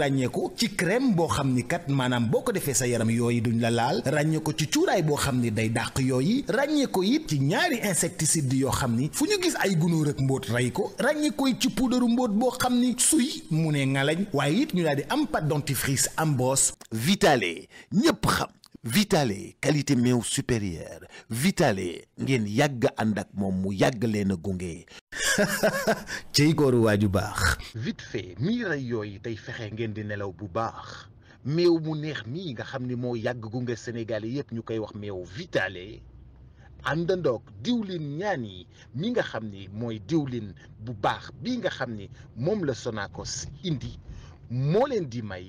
ràññeeku ci crème boo xam ni kat maanaam boo ko defee sa yaram yooyu duñu la laal ràññee ko ci cuuraay boo xam ni day dàq yooyu ràññee ko it ci ñaari insecticide yoo xam ni fu ñu gis ay gunóor ak mbóot rey ko ràññee ko ci puudaru mbóot boo xam ni suy mu ne ngalañ waaye it ñu daal di am pâte dentifrice ambos Vitale ñëpp xam. Vitale qualité meew supérieure Vitale ngeen yàgg ànd ak moom mu yàgg leen a gunge. cey waa ju baax. vite fait mii rey yooyu day fexe ngeen di nelaw bu baax meew mu neex mii nga xam ni moo yàgg gunge Sénégalais yépp ñu koy wax meew Vitale àndandoog diwlin ñaan yi mi nga xam ni mooy diwlin bu baax bi nga xam ni moom la sonakos indi moo leen di may.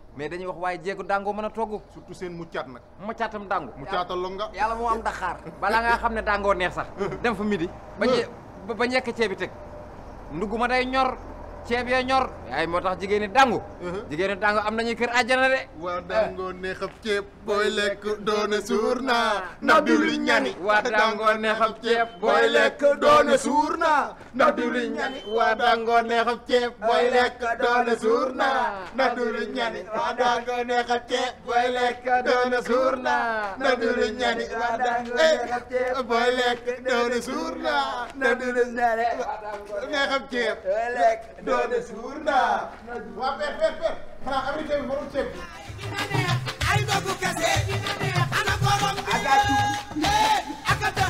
mais dañuy wax waaye jéegu dàngoo mën a togg. surtout seen muccaat nag. muccaatam dàngu. muccaatal longa. yàlla moo am daxaar. balaa ngaa xam ne dàngoo neex sax. dem fa midi. ba ba ñekk ceebi teg ndugg ma day ñor. ceeb yee ñor yaay moo tax jigéen ñi dangu jigéen dangu am nañu kër àjjana de waa dangoo neexab ceeb booy lekk doona suur naa ndax diwlin ñani waa dangoo neexab ceeb booy lekk doona suur naa ndax diwlin ñani ceeb booy lekk doona suur doone suurna waa per per per xanaa am itam warul ceeb ay doogu kese ana borom agatu eh akata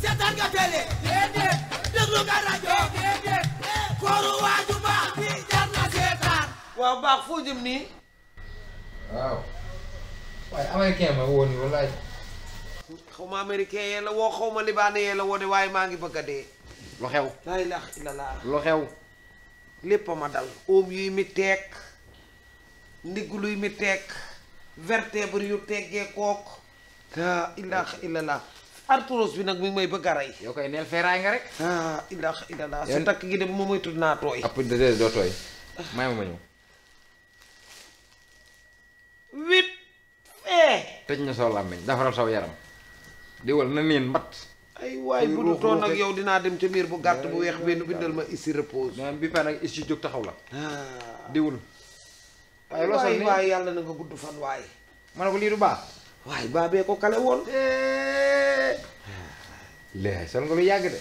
seetaan nga télé déedéet déglu nga rajo déedéet kooru waaju baax bi jar na seetaan waaw baax foo wah nii waaw waaye américain ma woo ni wallaay xaw ma américain yee la woo xaw lepama dal oom yuy mi teeg ndigluy mi tek vertèbre yu teggee kook la ilaha illallah arturos bi nak mi may bëgg ray yow koy nga rek ah ilah illallah su tak gi de mo moy tudna toy ap de de do toy may ma ñu wit fe tejna so lamine dafa làmmiñ saw yaram di na niin mat ay way bu do ton ak yow dina dem ci miir bu gatt bu wex ben bindal ma ici repose naan bi fa nak ici jog taxaw la ah. diwul ay lo sax ni way yalla na nga gudd fan way ma ne ko lii du baax waay baabee ko kale won eh. ah. le sol nga yag de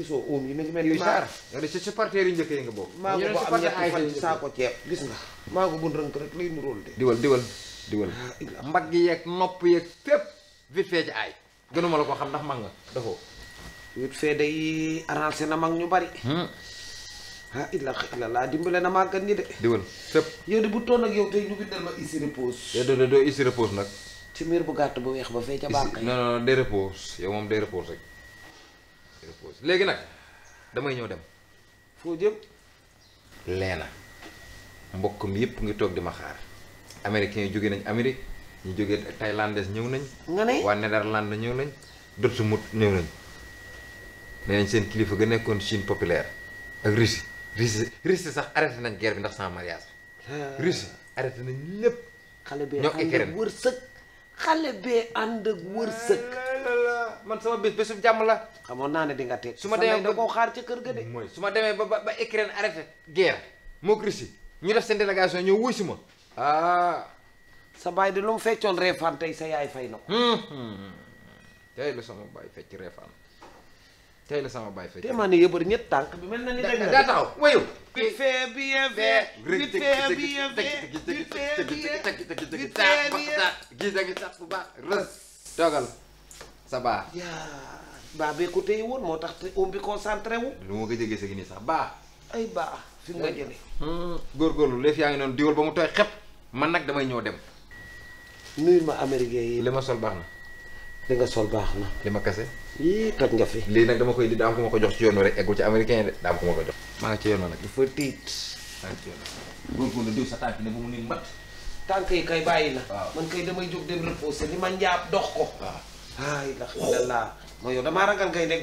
iso oom yi ngi mel ni ya de ci parti ri ndeke nga bok maa ko ba am ñetti fan ko ceeb gis nga maa ko bun rënk rek lay nu rol de diwal diwal diwal ah, yi ak nopp yeeg fépp vite fe ci ay ma la ko xam ndax mag nga defoo wit fee day arrangé na mag ñu bari ha illa illa la dimbale na lagi ñi de won sepp yow di bu ton ak yow tay ñu bindal ma ici repose ya doo doo ici repose nak ci miir bu gatt bu weex ba fee ca bank non non day repose yow mom day repose rek repose léegi nak damay ñëw dem fo jëm leena mbokum ngi tok di ma xaar américain yu nañ Amérique ñu joggé thailandais ñew nañ. nga né wa Netherlands ñew nañ. Dortmund ñew nañ. nee nañ seen kilifa ga nekkon Chine populaire ak Russie Russie Russie sax arrêté nañ guerre bi ndax sans mariage. Ah. Russie arrêté nañ lepp xalé bee ñok ékéré wërseuk xalé bee and ak wërseuk ah, man sama bés bésu jàmm la. xamoon na ne di nga teg. suma démé da ko xaar ci kër ga dé suma démé ba ba ékéré arrêté guerre mo Russie ñu def sen délégation ñëw wuy suma ah sa baay de lum mu refan tay sa yay fay nok tay la sama bay fecc refan tay la sama bay fecc. tey maa ne yëbër ñett tànk bi mel na ni. dëgg daa taxaw wéyu. vite fait bien fait. vite fait bien fait. vite fait bien fait. toogal sa baa. ya ba be ko tey won motax te umbi concentré wu. lu mo ko jege sa gi nii sax baa. ay ba fi nga mu hmm gor gor lu yaa yaangi non diwol ba mu toy xep man nak damay ñoo dem nuyul ma américain yi. lima sol baxna na. li nga sol baxna lima kasse yi kase. nga fi. li nak dama koy di dama ko ma jox ci yoonu rek eggul ci americain rek dama ko mako jox. ma nga ci yoonu nak dafa tit maa ngi ci yoonu nag. diw sa tànk ne bu mu ne mat tànk yi kay bàyyi man kay damay jog dem reposer ni ma njaab dox ko. la alhamdulilah. mo yo dama ragal ngay nek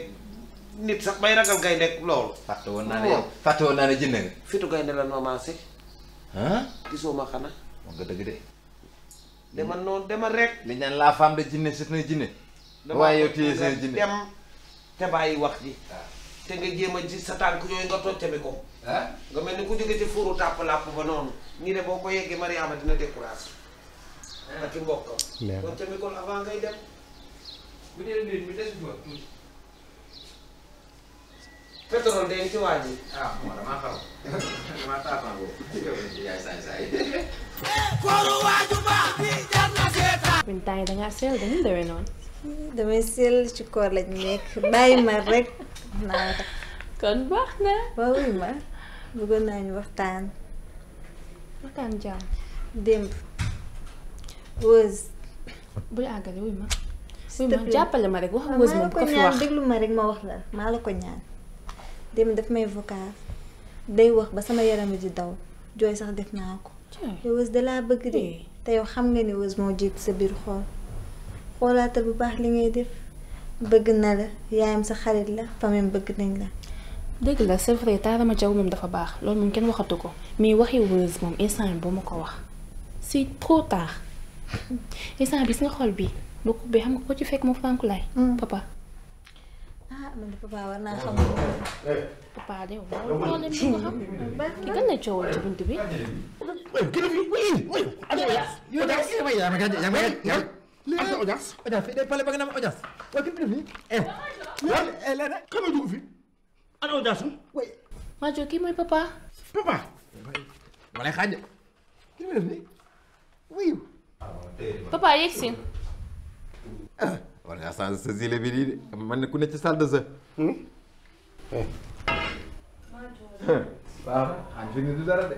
nit sax bay ragal ngay nek lol fàtte won na ne yow won na ne jinne fitu gay ne la nomancé. ah gisoo ma xanaa. wax nga deug de. demal noonu demal rek. li ñu naan la femme de jinne c'est un jinne. waaye yow téye seen jinne dem te bàyyi wax ji. Ah. te nga jéem a ji sa tànk nga toccami ko. Ah. nga mel ni ku jóge ci fóoru tàpp làpp ba noonu ñu ne boo ko yeggee Mariama dina découragé. Ah. ak i mbokkam. leer na toccami ko avant ngay dem. bu dee mbir mi des fois. pétrole day ci waa ji. ah man damaa xaw ma damaa taataan boobu. yaay saay saay. kooru waaju baax bi jar na seetaan min yi dangaa seel dañu demee noonu damay seel ci koor lañ nekk bàyyi ma rek naa ma ñu waxtaan waxtaan jàmm démb wëz bul àggale ma rek wax na moom bu ko fi wax déglu ma rek ma wax la maa la ko ñaan démb daf may vocal day wax ba sama yaram di daw jooy sax def naa ko wës da laa bëgg de te yow xam nga ni wës moo jiit sa biir xool xoolaatal bu baax li ngay def bëgg na la yaayam sa xarit la famille bëgg nañ la dëgg la c'est vrai taarama jaw moom dafa baax loolu moom kenn waxatu ko mais waxi wës moom instant bi bu ma ko wax c'est trop tard instant bi si nga xool bi bu ko bi xam nga ko ci fekk mu fànku lay mm. papa ah, naa xam. Eh. ki gën a coowal ci bunt bi. Weh, kena pergi. Weh, weh. olha Ojas. olha dah olha baik. olha jangan olha Jangan. olha Ojas. olha dia olha pakai olha Ojas. olha kena olha Eh. olha leh olha Kamu olha pergi. olha Ojas. olha Maju olha mai olha Papa. olha kaje. olha pergi. olha Papa, olha sim. Olha essa olha vir, olha quando é que olha dessa? olha É. olha a olha não olha nada.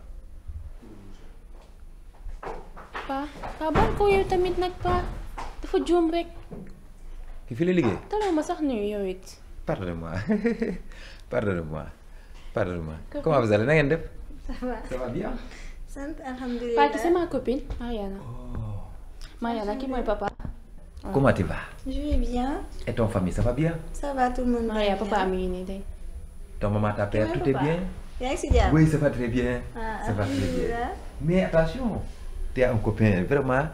pa xaabal ko yow tamit nag pa dafa jumbek. Kifili ligay? fi la liggéey taloo ma sax nuyu yow it pardon moi pardon mo. pardon moi comment vous allez na ngeen def ça va ça va bien sant alhamdulillah. Pati sa mga kupin, Mariana oh. Mariana kimo yung papa Ouais. Comment tu vas Je vais bien. Et ton famille, ça va bien Ça va, tout le monde. Maria, papa a mis une Ton maman, ta père, tout est bien Oui, ça va très bien. Ah, ça va très bien. Mais attention, tu un copain, vraiment,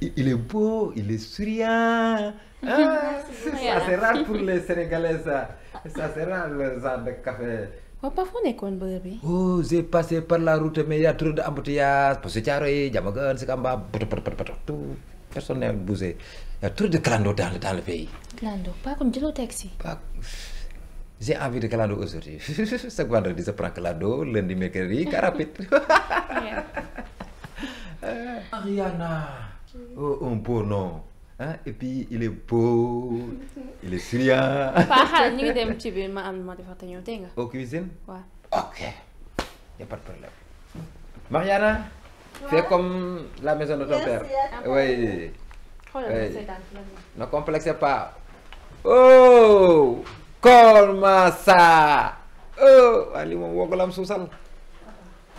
il est beau, il est souriant. Ah, ça, c'est rare pour les Sénégalais, ça. Ça, c'est rare, le genre de café. Oh, j'ai passé par la route, mais il y a trop d'embouteillages. Parce que Tcharoy, Djamagan, Sikamba, tout. Personne n'a bougé. Il y a trop de clando dans, dans le pays. Clando, pas comme du taxi. J'ai envie de clando aujourd'hui. Ce vendredi, je prends clando, lundi, mercredi, carapite. Euh. Ariana, oh, un beau nom. Hein? Et puis, il est beau, il est syrien. Parle, nous sommes un petit peu mal tenga. Au cuisine Ouais. Ok, il n'y a pas de problème. Mariana, fais comme la maison de ton père. Ouais. Oui. Oh ne complexez pas. Oh, comment ça? Oh, allez, mon wogolam sous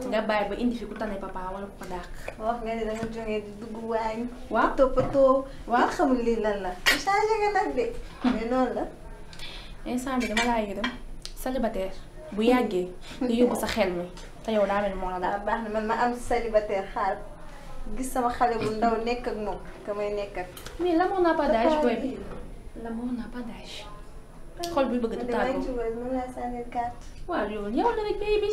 nga bàyyi ba indi fi ku tane papa wala ku ko dàq. wax nga ne da nga jógee di dugg waañ. waaw toppatoo. waaw xamul lii lan la. changé nga nag de. mais noonu la. instant bi dama laa yërëm célibataire bu yàggee di yóbbu sa xel mi te yow daa mel moo la daal. Ah, baax na man ma am célibataire xaar gis ndaw nekk ak moom ka may nekk ak. xol bi bëgg di tàggoo waaw yow yow la rek baby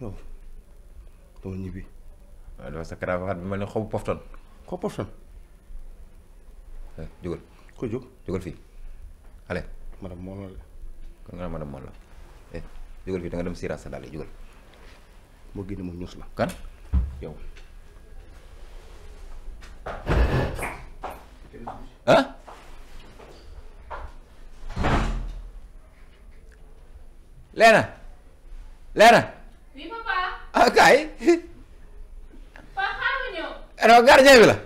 yow dama ñibbi. waaw dama sa cravate bi mel ni xobu poftan. xobu poftan. jógal. ko jóg jógal fii. allez. madame moom la. kon nga madame moom eh jógal fii da nga dem siiraat sa dàll jógal. moo génne ñus la. kan yow. ah. Lena, Lena. ah kaay. waaw gardien bi la.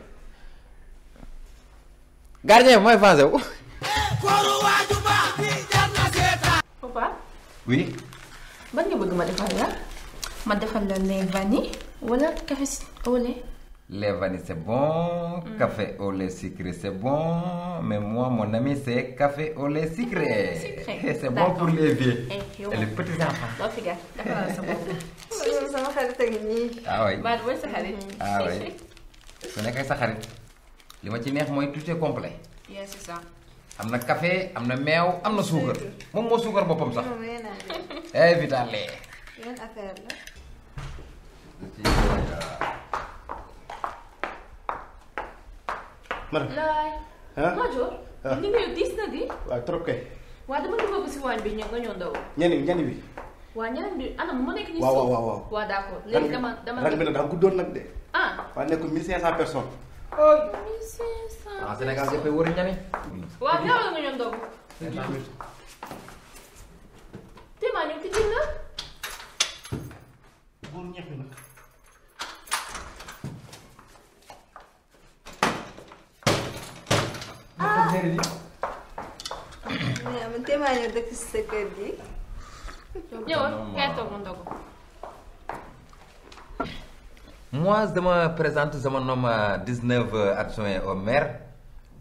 gardien bi mooy fancé wu. papa. oui. ban nga bëgg ma defal la ma defal la lait vanille wala café au lait. les vanilles c'est bon, mm. café au lait sucré c'est bon, mais moi mon ami c'est café au lait sucré. sucré. C'est bon pour les vieux eh, et les petits enfants. sama xarit ak ñii. ah oui Mad mooy sa ah oui On nekkee sa xarit li Les ci neex tout est complet. oui c'est ça. am café am na meew sucre. na suukar sucre moo suukar boppam sax. Ah, eh vitale. yan affaire là. mara maju, ini ni nga dis na di wa trop kay wa dama ko bëgg ci wañ bi ñoo ñoo ndaw ñani ñani bi wa ñani bi ana mo nek ni wa wa wa wa d'accord légui dama dama rang bi na ah wa nek 1500 personnes oh 1500 ah sénégal def fay wër ñani wa ñaw nga ñoo ndaw Tema ñu ci Moi, je me présente, je 19 adjoint au maire,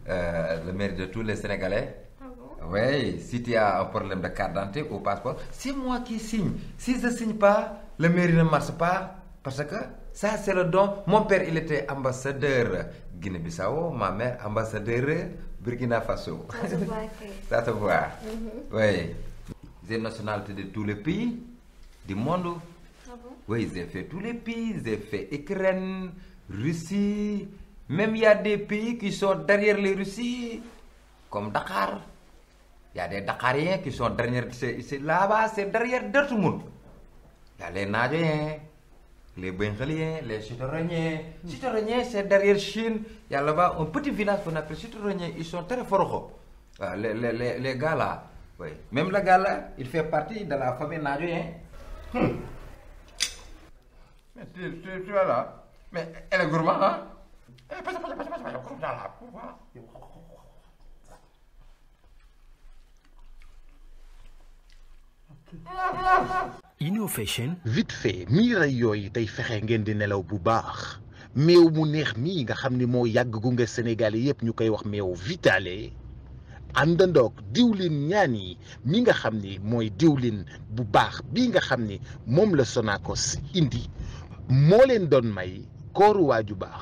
le maire de tous les Sénégalais. Ah oui, si tu as un problème de carte d'identité ou passeport, c'est moi qui signe. Si je ne signe pas, le maire ne marche pas parce que ça, c'est le don. Mon père, il était ambassadeur Guinée-Bissau, ma mère, ambassadeur Burkina Faso. Ça se voit. Ça se voit. Mm -hmm. Oui. J'ai nationalité de tous les pays du monde. Ah bon? Oui, j'ai fait tous les pays. J'ai fait Ukraine, Russie. Même il y a des pays qui sont derrière les Russies, comme Dakar. Il y a des Dakariens qui sont derrière. là-bas, c'est derrière d'autres monde. Il y a les Nadiens les Bengaliens, les citoyens. c'est derrière Chine. Il y a là-bas un petit village qu'on appelle citoyens. Ils sont très forts. Les, gars là. Même le gars là, il fait partie de la famille nadu. Mais tu, vois là. Mais elle est gourmande, hein? innovation vite fait mii rey yooyu tey fexe ngeen di nelaw bu baax meew mu neex mii nga xam ni moo yàgg nga Sénégal yépp ñu koy wax meew vitale àndandoog diwlin ñaan yi mi nga xam ni mooy diwlin bu baax bii nga xam ni moom la sonaakos indi moo leen doon may kooru waaju baax